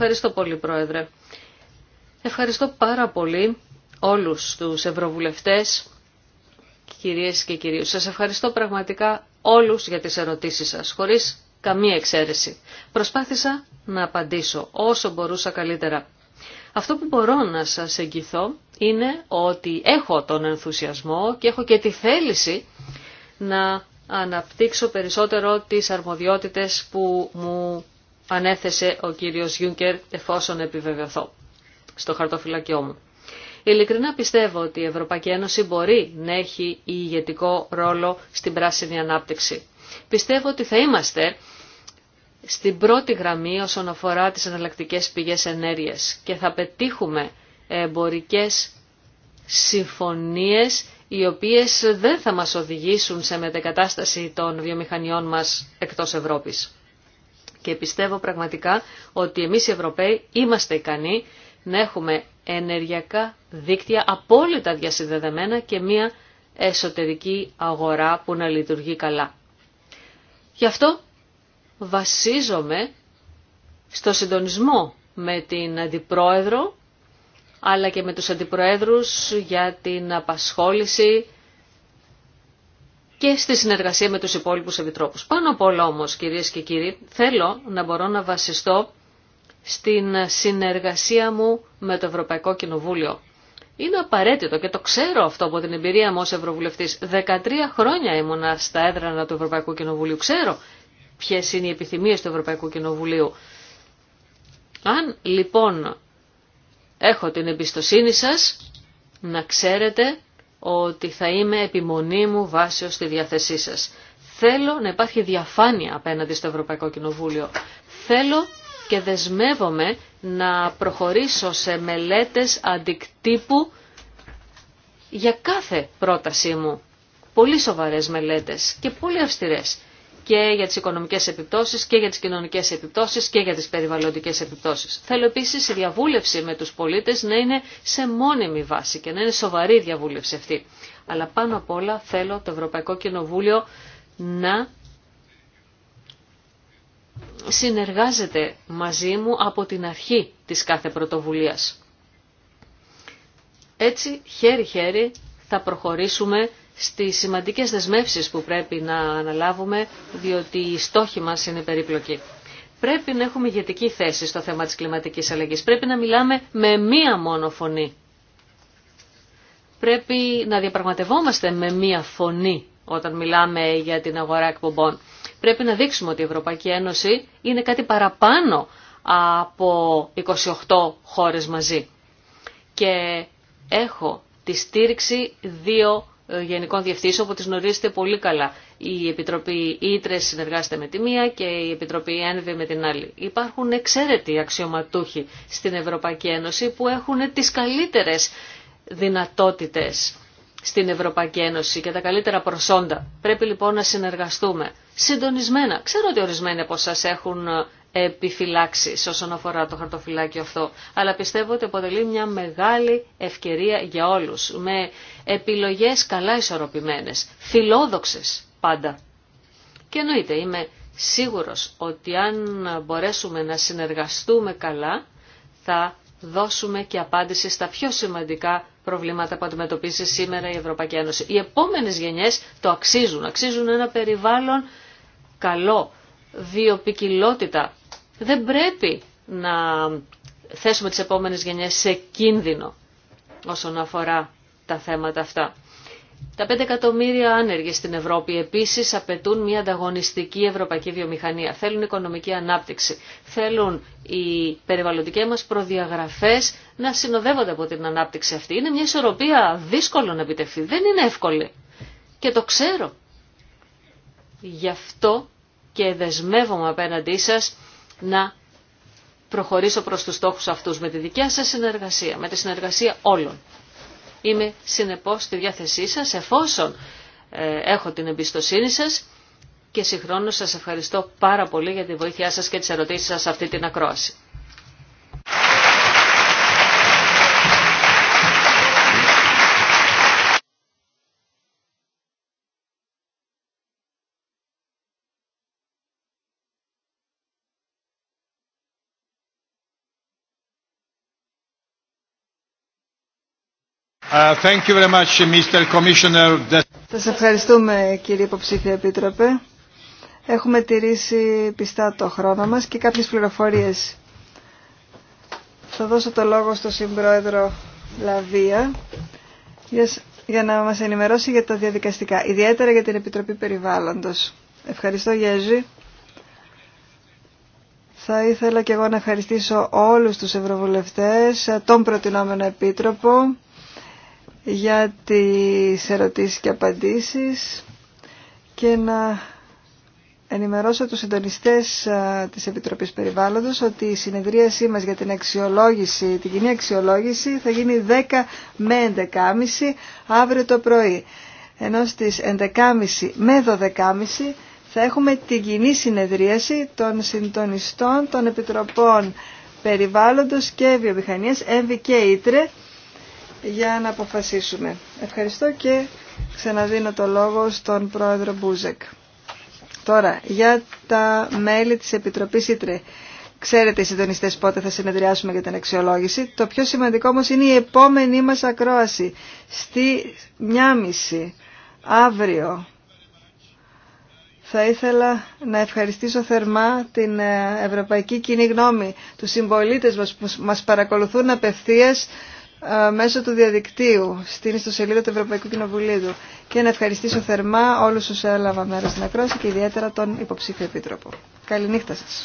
Ευχαριστώ πολύ, Πρόεδρε. Ευχαριστώ πάρα πολύ όλους τους ευρωβουλευτές, κυρίες και κυρίους. Σας ευχαριστώ πραγματικά όλους για τις ερωτήσεις σας, χωρίς καμία εξαίρεση. Προσπάθησα να απαντήσω όσο μπορούσα καλύτερα. Αυτό που μπορώ να σας εγγυθώ είναι ότι έχω τον ενθουσιασμό και έχω και τη θέληση να αναπτύξω περισσότερο τις αρμοδιότητες που μου ανέθεσε ο κύριος Γιούνκερ εφόσον επιβεβαιωθώ στο χαρτοφυλακιό μου. Ειλικρινά πιστεύω ότι η Ευρωπαϊκή Ένωση μπορεί να έχει ηγετικό ρόλο στην πράσινη ανάπτυξη. Πιστεύω ότι θα είμαστε στην πρώτη γραμμή όσον αφορά τις εναλλακτικές πηγές ενέργειας και θα πετύχουμε εμπορικές συμφωνίες οι οποίες δεν θα μας οδηγήσουν σε μετεκατάσταση των βιομηχανιών μας εκτός Ευρώπης και πιστεύω πραγματικά ότι εμείς οι Ευρωπαίοι είμαστε ικανοί να έχουμε ενεργειακά δίκτυα απόλυτα διασυνδεδεμένα και μία εσωτερική αγορά που να λειτουργεί καλά. Γι' αυτό βασίζομαι στο συντονισμό με την Αντιπρόεδρο αλλά και με τους Αντιπροέδρους για την απασχόληση και στη συνεργασία με τους υπόλοιπους επιτρόπους. Πάνω απ' όλα όμως, κυρίες και κύριοι, θέλω να μπορώ να βασιστώ στην συνεργασία μου με το Ευρωπαϊκό Κοινοβούλιο. Είναι απαραίτητο και το ξέρω αυτό από την εμπειρία μου ως Ευρωβουλευτής. 13 χρόνια ήμουνα στα έδρανα του Ευρωπαϊκού Κοινοβουλίου. Ξέρω ποιες είναι οι επιθυμίες του Ευρωπαϊκού Κοινοβουλίου. Αν λοιπόν έχω την εμπιστοσύνη σας, να ξέρετε ότι θα είμαι επιμονή μου βάσεως στη διάθεσή σας. Θέλω να υπάρχει διαφάνεια απέναντι στο Ευρωπαϊκό Κοινοβούλιο. Θέλω και δεσμεύομαι να προχωρήσω σε μελέτες αντικτύπου για κάθε πρότασή μου. Πολύ σοβαρές μελέτες και πολύ αυστηρές και για τις οικονομικές επιπτώσεις και για τις κοινωνικές επιπτώσεις και για τις περιβαλλοντικές επιπτώσεις. Θέλω επίσης η διαβούλευση με τους πολίτες να είναι σε μόνιμη βάση και να είναι σοβαρή η διαβούλευση αυτή. Αλλά πάνω απ' όλα θέλω το Ευρωπαϊκό Κοινοβούλιο να συνεργάζεται μαζί μου από την αρχή της κάθε πρωτοβουλίας. Έτσι, χέρι-χέρι θα προχωρήσουμε στις σημαντικές δεσμεύσεις που πρέπει να αναλάβουμε, διότι οι στόχοι μας είναι περίπλοκοι. Πρέπει να έχουμε ηγετική θέση στο θέμα της κλιματικής αλλαγής. Πρέπει να μιλάμε με μία μόνο φωνή. Πρέπει να διαπραγματευόμαστε με μία φωνή όταν μιλάμε για την αγορά εκπομπών. Πρέπει να δείξουμε ότι η Ευρωπαϊκή Ένωση είναι κάτι παραπάνω από 28 χώρες μαζί. Και έχω τη στήριξη δύο ε, γενικών διευθύνσεων που τις γνωρίζετε πολύ καλά. Η Επιτροπή Ήτρε συνεργάζεται με τη μία και η Επιτροπή Ένβη με την άλλη. Υπάρχουν εξαίρετοι αξιωματούχοι στην Ευρωπαϊκή Ένωση που έχουν τις καλύτερες δυνατότητες στην Ευρωπαϊκή Ένωση και τα καλύτερα προσόντα. Πρέπει λοιπόν να συνεργαστούμε συντονισμένα. Ξέρω ότι ορισμένοι από εσά έχουν ε, επιφυλάξεις όσον αφορά το χαρτοφυλάκιο αυτό. Αλλά πιστεύω ότι αποτελεί μια μεγάλη ευκαιρία για όλους, με επιλογές καλά ισορροπημένες, φιλόδοξες πάντα. Και εννοείται, είμαι σίγουρος ότι αν μπορέσουμε να συνεργαστούμε καλά, θα δώσουμε και απάντηση στα πιο σημαντικά προβλήματα που αντιμετωπίζει σήμερα η Ευρωπαϊκή Ένωση. Οι επόμενες γενιές το αξίζουν. Αξίζουν ένα περιβάλλον καλό, βιοπικιλότητα, δεν πρέπει να θέσουμε τις επόμενες γενιές σε κίνδυνο όσον αφορά τα θέματα αυτά. Τα 5 εκατομμύρια άνεργοι στην Ευρώπη επίσης απαιτούν μια ανταγωνιστική ευρωπαϊκή βιομηχανία. Θέλουν οικονομική ανάπτυξη. Θέλουν οι περιβαλλοντικές μας προδιαγραφές να συνοδεύονται από την ανάπτυξη αυτή. Είναι μια ισορροπία δύσκολο να επιτευχθεί. Δεν είναι εύκολη. Και το ξέρω. Γι' αυτό και δεσμεύομαι απέναντί σας να προχωρήσω προς τους στόχους αυτούς με τη δικιά σας συνεργασία, με τη συνεργασία όλων. Είμαι συνεπώς στη διάθεσή σας εφόσον ε, έχω την εμπιστοσύνη σας και συγχρόνως σας ευχαριστώ πάρα πολύ για τη βοήθειά σας και τις ερωτήσεις σας σε αυτή την ακρόαση. Uh, Σας ευχαριστούμε κύριε υποψήφια επίτροπε. Έχουμε τηρήσει πιστά το χρόνο μας και κάποιες πληροφορίες. Θα δώσω το λόγο στον Συμπρόεδρο Λαβία για να μας ενημερώσει για τα διαδικαστικά, ιδιαίτερα για την Επιτροπή Περιβάλλοντος. Ευχαριστώ Γέζη. Θα ήθελα και εγώ να ευχαριστήσω όλους τους ευρωβουλευτές, τον προτινόμενο επίτροπο, για τις ερωτήσεις και απαντήσεις και να ενημερώσω τους συντονιστές της Επιτροπής Περιβάλλοντος ότι η συνεδρίασή μας για την αξιολόγηση, την κοινή αξιολόγηση θα γίνει 10 με 11.30 αύριο το πρωί. Ενώ στις 11.30 με 12.30 θα έχουμε την κοινή συνεδρίαση των συντονιστών των Επιτροπών Περιβάλλοντος και Βιομηχανίας, MVK για να αποφασίσουμε. Ευχαριστώ και ξαναδίνω το λόγο στον πρόεδρο Μπούζεκ. Τώρα, για τα μέλη της Επιτροπής Ήτρε. Ξέρετε οι συντονιστές πότε θα συνεδριάσουμε για την αξιολόγηση. Το πιο σημαντικό όμως είναι η επόμενή μας ακρόαση. Στη μιάμιση, αύριο, θα ήθελα να ευχαριστήσω θερμά την ε, Ευρωπαϊκή Κοινή Γνώμη, τους συμπολίτες μας που μας παρακολουθούν απευθείας ε, μέσω του διαδικτύου στην ιστοσελίδα του Ευρωπαϊκού Κοινοβουλίου και να ευχαριστήσω θερμά όλους όσους έλαβα μέρος στην ακρόαση και ιδιαίτερα τον υποψήφιο επίτροπο. Καληνύχτα σας.